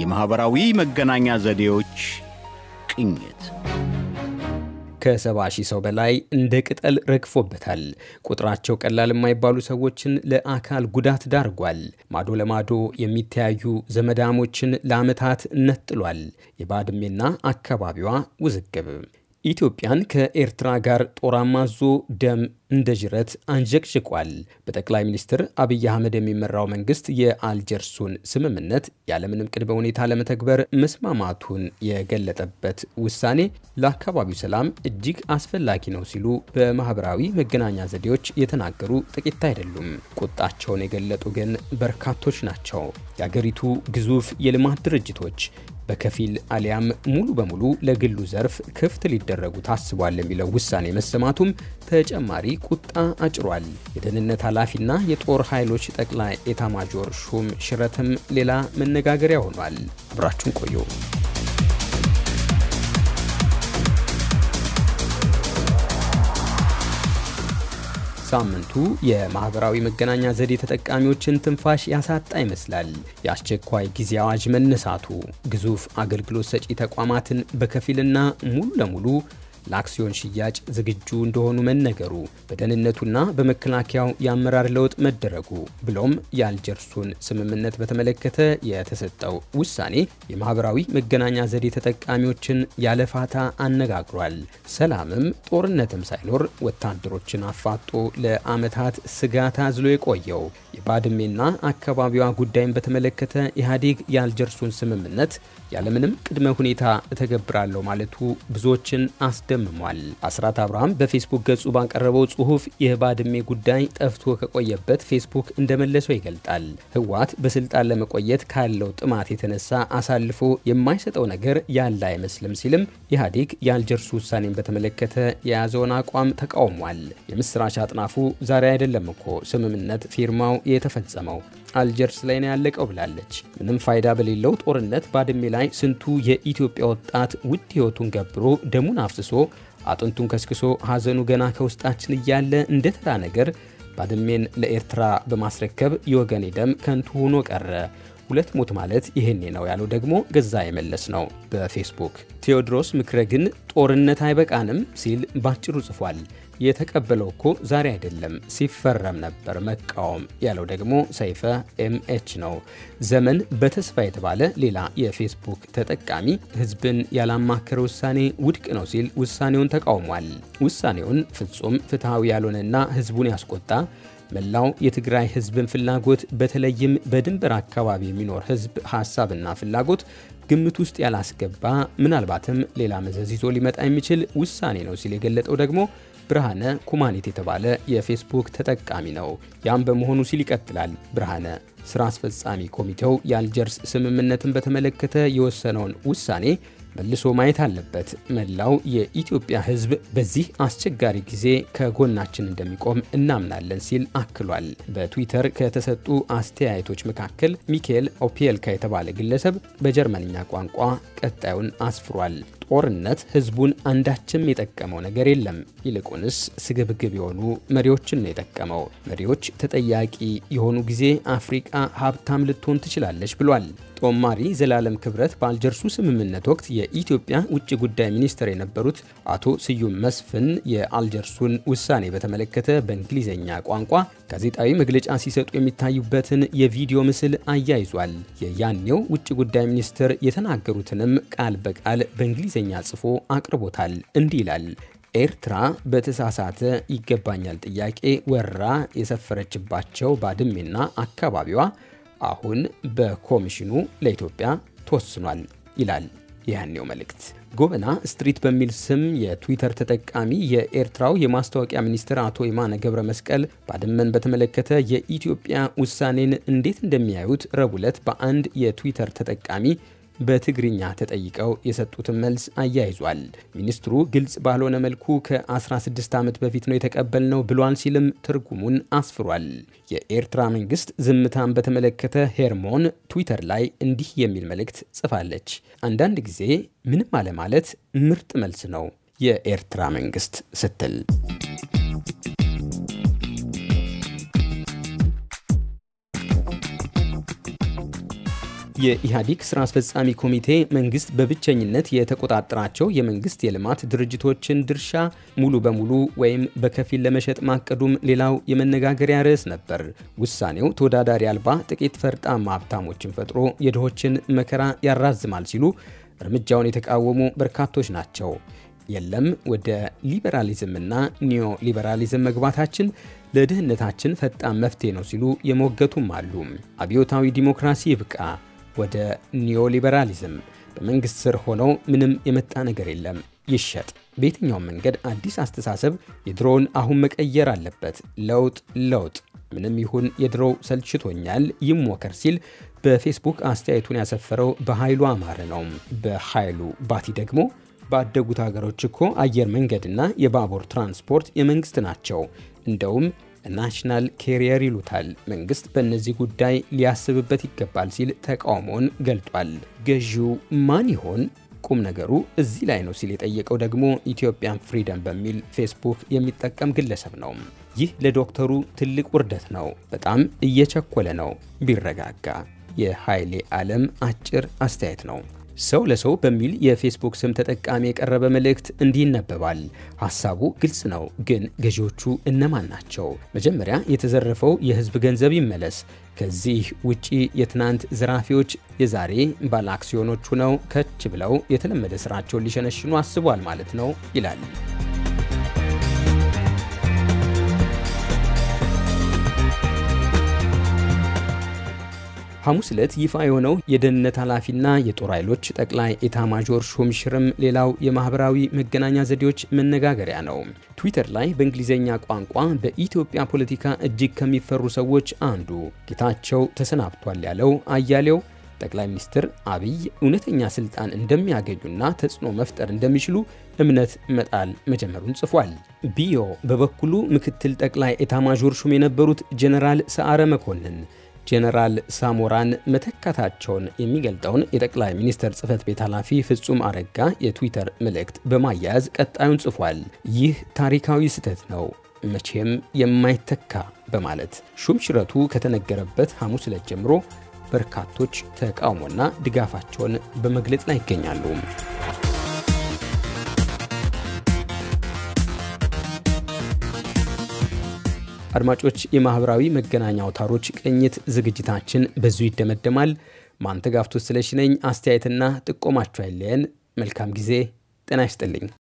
የማኅበራዊ መገናኛ ዘዴዎች ቅኝት ከሰባ ሺህ ሰው በላይ እንደ ቅጠል ረግፎበታል። ቁጥራቸው ቀላል የማይባሉ ሰዎችን ለአካል ጉዳት ዳርጓል። ማዶ ለማዶ የሚተያዩ ዘመዳሞችን ለዓመታት ነጥሏል። የባድሜና አካባቢዋ ውዝግብ ኢትዮጵያን ከኤርትራ ጋር ጦር አማዞ ደም እንደ ጅረት አንጀቅጭቋል። በጠቅላይ ሚኒስትር አብይ አህመድ የሚመራው መንግስት የአልጀርሱን ስምምነት ያለምንም ቅድመ ሁኔታ ለመተግበር መስማማቱን የገለጠበት ውሳኔ ለአካባቢው ሰላም እጅግ አስፈላጊ ነው ሲሉ በማህበራዊ መገናኛ ዘዴዎች የተናገሩ ጥቂት አይደሉም። ቁጣቸውን የገለጡ ግን በርካቶች ናቸው። የአገሪቱ ግዙፍ የልማት ድርጅቶች በከፊል አሊያም ሙሉ በሙሉ ለግሉ ዘርፍ ክፍት ሊደረጉ ታስቧል የሚለው ውሳኔ መሰማቱም ተጨማሪ ቁጣ አጭሯል። የደህንነት ኃላፊና የጦር ኃይሎች ጠቅላይ ኤታማጆር ሹም ሽረትም ሌላ መነጋገሪያ ሆኗል። አብራችሁን ቆየ ሳምንቱ የማህበራዊ መገናኛ ዘዴ ተጠቃሚዎችን ትንፋሽ ያሳጣ ይመስላል። የአስቸኳይ ጊዜ አዋጅ መነሳቱ ግዙፍ አገልግሎት ሰጪ ተቋማትን በከፊልና ሙሉ ለሙሉ ለአክሲዮን ሽያጭ ዝግጁ እንደሆኑ መነገሩ፣ በደህንነቱና በመከላከያው የአመራር ለውጥ መደረጉ ብሎም የአልጀርሱን ስምምነት በተመለከተ የተሰጠው ውሳኔ የማህበራዊ መገናኛ ዘዴ ተጠቃሚዎችን ያለፋታ አነጋግሯል። ሰላምም ጦርነትም ሳይኖር ወታደሮችን አፋጦ ለአመታት ስጋት አዝሎ የቆየው የባድሜና አካባቢዋ ጉዳይን በተመለከተ ኢህአዴግ የአልጀርሱን ስምምነት ያለምንም ቅድመ ሁኔታ እተገብራለሁ ማለቱ ብዙዎችን አስደ ደምሟል። አስራት አብርሃም በፌስቡክ ገጹ ባቀረበው ጽሁፍ የባድሜ ጉዳይ ጠፍቶ ከቆየበት ፌስቡክ እንደመለሰው ይገልጣል። ህወሓት በስልጣን ለመቆየት ካለው ጥማት የተነሳ አሳልፎ የማይሰጠው ነገር ያለ አይመስልም ሲልም ኢህአዴግ የአልጀርሱ ውሳኔን በተመለከተ የያዘውን አቋም ተቃውሟል። የምስራች አጥናፉ ዛሬ አይደለም እኮ ስምምነት ፊርማው የተፈጸመው አልጀርስ ላይ ነው ያለቀው ብላለች። ምንም ፋይዳ በሌለው ጦርነት ባድሜ ላይ ስንቱ የኢትዮጵያ ወጣት ውድ ሕይወቱን ገብሮ ደሙን አፍስሶ አጥንቱን ከስክሶ ሐዘኑ ገና ከውስጣችን እያለ እንደ ተራ ነገር ባድሜን ለኤርትራ በማስረከብ የወገኔ ደም ከንቱ ሆኖ ቀረ። ሁለት ሞት ማለት ይሄኔ ነው ያለው ደግሞ ገዛ የመለስ ነው በፌስቡክ ቴዎድሮስ ምክረ ግን ጦርነት አይበቃንም ሲል ባጭሩ ጽፏል። የተቀበለው እኮ ዛሬ አይደለም ሲፈረም ነበር መቃወም ያለው ደግሞ ሰይፈ ኤምኤች ነው። ዘመን በተስፋ የተባለ ሌላ የፌስቡክ ተጠቃሚ ህዝብን ያላማከረ ውሳኔ ውድቅ ነው ሲል ውሳኔውን ተቃውሟል። ውሳኔውን ፍጹም ፍትሐዊ ያልሆነና ህዝቡን ያስቆጣ መላው የትግራይ ህዝብን ፍላጎት በተለይም በድንበር አካባቢ የሚኖር ህዝብ ሀሳብና ፍላጎት ግምት ውስጥ ያላስገባ ምናልባትም ሌላ መዘዝ ይዞ ሊመጣ የሚችል ውሳኔ ነው ሲል የገለጠው ደግሞ ብርሃነ ኩማኔት የተባለ የፌስቡክ ተጠቃሚ ነው። ያም በመሆኑ ሲል ይቀጥላል ብርሃነ ስራ አስፈጻሚ ኮሚቴው የአልጀርስ ስምምነትን በተመለከተ የወሰነውን ውሳኔ መልሶ ማየት አለበት። መላው የኢትዮጵያ ሕዝብ በዚህ አስቸጋሪ ጊዜ ከጎናችን እንደሚቆም እናምናለን ሲል አክሏል። በትዊተር ከተሰጡ አስተያየቶች መካከል ሚካኤል ኦፒልካ የተባለ ግለሰብ በጀርመንኛ ቋንቋ ቀጣዩን አስፍሯል። ጦርነት ህዝቡን አንዳችም የጠቀመው ነገር የለም። ይልቁንስ ስግብግብ የሆኑ መሪዎችን ነው የጠቀመው። መሪዎች ተጠያቂ የሆኑ ጊዜ አፍሪቃ ሀብታም ልትሆን ትችላለች ብሏል። ጦማሪ ዘላለም ክብረት በአልጀርሱ ስምምነት ወቅት የኢትዮጵያ ውጭ ጉዳይ ሚኒስትር የነበሩት አቶ ስዩም መስፍን የአልጀርሱን ውሳኔ በተመለከተ በእንግሊዝኛ ቋንቋ ጋዜጣዊ መግለጫ ሲሰጡ የሚታዩበትን የቪዲዮ ምስል አያይዟል። የያኔው ውጭ ጉዳይ ሚኒስትር የተናገሩትንም ቃል በቃል በእንግሊዝኛ ጽፎ አቅርቦታል። እንዲህ ይላል። ኤርትራ በተሳሳተ ይገባኛል ጥያቄ ወራ የሰፈረችባቸው ባድሜና አካባቢዋ አሁን በኮሚሽኑ ለኢትዮጵያ ተወስኗል ይላል። የያኔው መልእክት ጎበና ስትሪት በሚል ስም የትዊተር ተጠቃሚ የኤርትራው የማስታወቂያ ሚኒስትር አቶ የማነ ገብረ መስቀል ባድመን በተመለከተ የኢትዮጵያ ውሳኔን እንዴት እንደሚያዩት ረቡዕ ዕለት በአንድ የትዊተር ተጠቃሚ በትግርኛ ተጠይቀው የሰጡትን መልስ አያይዟል። ሚኒስትሩ ግልጽ ባልሆነ መልኩ ከ16 ዓመት በፊት ነው የተቀበልነው ብሏል ሲልም ትርጉሙን አስፍሯል። የኤርትራ መንግስት ዝምታን በተመለከተ ሄርሞን ትዊተር ላይ እንዲህ የሚል መልእክት ጽፋለች። አንዳንድ ጊዜ ምንም አለማለት ምርጥ መልስ ነው የኤርትራ መንግስት ስትል የኢህአዴግ ስራ አስፈጻሚ ኮሚቴ መንግስት በብቸኝነት የተቆጣጠራቸው የመንግስት የልማት ድርጅቶችን ድርሻ ሙሉ በሙሉ ወይም በከፊል ለመሸጥ ማቀዱም ሌላው የመነጋገሪያ ርዕስ ነበር። ውሳኔው ተወዳዳሪ አልባ ጥቂት ፈርጣማ ሀብታሞችን ፈጥሮ የድሆችን መከራ ያራዝማል ሲሉ እርምጃውን የተቃወሙ በርካቶች ናቸው። የለም ወደ ሊበራሊዝምና ኒዮ ሊበራሊዝም መግባታችን ለድህነታችን ፈጣን መፍትሄ ነው ሲሉ የሞገቱም አሉ። አብዮታዊ ዲሞክራሲ ይብቃ፣ ወደ ኒዮሊበራሊዝም በመንግሥት ስር ሆነው ምንም የመጣ ነገር የለም ይሸጥ በየትኛውም መንገድ አዲስ አስተሳሰብ የድሮውን አሁን መቀየር አለበት። ለውጥ ለውጥ ምንም ይሁን የድሮው ሰልችቶኛል ይሞከር ሲል በፌስቡክ አስተያየቱን ያሰፈረው በኃይሉ አማረ ነው። በኃይሉ ባቲ ደግሞ ባደጉት ሀገሮች እኮ አየር መንገድና የባቡር ትራንስፖርት የመንግስት ናቸው፣ እንደውም ናሽናል ኬሪየር ይሉታል። መንግስት በእነዚህ ጉዳይ ሊያስብበት ይገባል ሲል ተቃውሞውን ገልጧል። ገዢው ማን ይሆን? ቁም ነገሩ እዚህ ላይ ነው ሲል የጠየቀው ደግሞ ኢትዮጵያን ፍሪደም በሚል ፌስቡክ የሚጠቀም ግለሰብ ነው። ይህ ለዶክተሩ ትልቅ ውርደት ነው። በጣም እየቸኮለ ነው። ቢረጋጋ። የኃይሌ ዓለም አጭር አስተያየት ነው። ሰው ለሰው በሚል የፌስቡክ ስም ተጠቃሚ የቀረበ መልእክት እንዲህ ይነበባል። ሀሳቡ ግልጽ ነው፣ ግን ገዢዎቹ እነማን ናቸው? መጀመሪያ የተዘረፈው የህዝብ ገንዘብ ይመለስ። ከዚህ ውጪ የትናንት ዘራፊዎች የዛሬ ባለአክሲዮኖቹ ሆነው ከች ብለው የተለመደ ስራቸውን ሊሸነሽኑ አስቧል ማለት ነው ይላል። ሐሙስ ዕለት ይፋ የሆነው የደህንነት ኃላፊና የጦር ኃይሎች ጠቅላይ ኤታ ማጆር ሹም ሽርም ሌላው የማህበራዊ መገናኛ ዘዴዎች መነጋገሪያ ነው። ትዊተር ላይ በእንግሊዝኛ ቋንቋ በኢትዮጵያ ፖለቲካ እጅግ ከሚፈሩ ሰዎች አንዱ ጌታቸው ተሰናብቷል ያለው አያሌው ጠቅላይ ሚኒስትር አብይ እውነተኛ ስልጣን እንደሚያገኙና ተጽዕኖ መፍጠር እንደሚችሉ እምነት መጣል መጀመሩን ጽፏል። ቢዮ በበኩሉ ምክትል ጠቅላይ ኤታማዦር ሹም የነበሩት ጀነራል ሰዓረ መኮንን ጄኔራል ሳሞራን መተካታቸውን የሚገልጠውን የጠቅላይ ሚኒስትር ጽህፈት ቤት ኃላፊ ፍጹም አረጋ የትዊተር መልእክት በማያያዝ ቀጣዩን ጽፏል። ይህ ታሪካዊ ስህተት ነው፣ መቼም የማይተካ በማለት ሹም ሽረቱ ከተነገረበት ሐሙስ ዕለት ጀምሮ በርካቶች ተቃውሞና ድጋፋቸውን በመግለጽ ላይ ይገኛሉ። አድማጮች፣ የማኅበራዊ መገናኛ አውታሮች ቅኝት ዝግጅታችን በዙ ይደመደማል። ማንተጋፍቶ ስለሽነኝ አስተያየትና ጥቆማችሁ አይለየን። መልካም ጊዜ። ጤና ይስጥልኝ።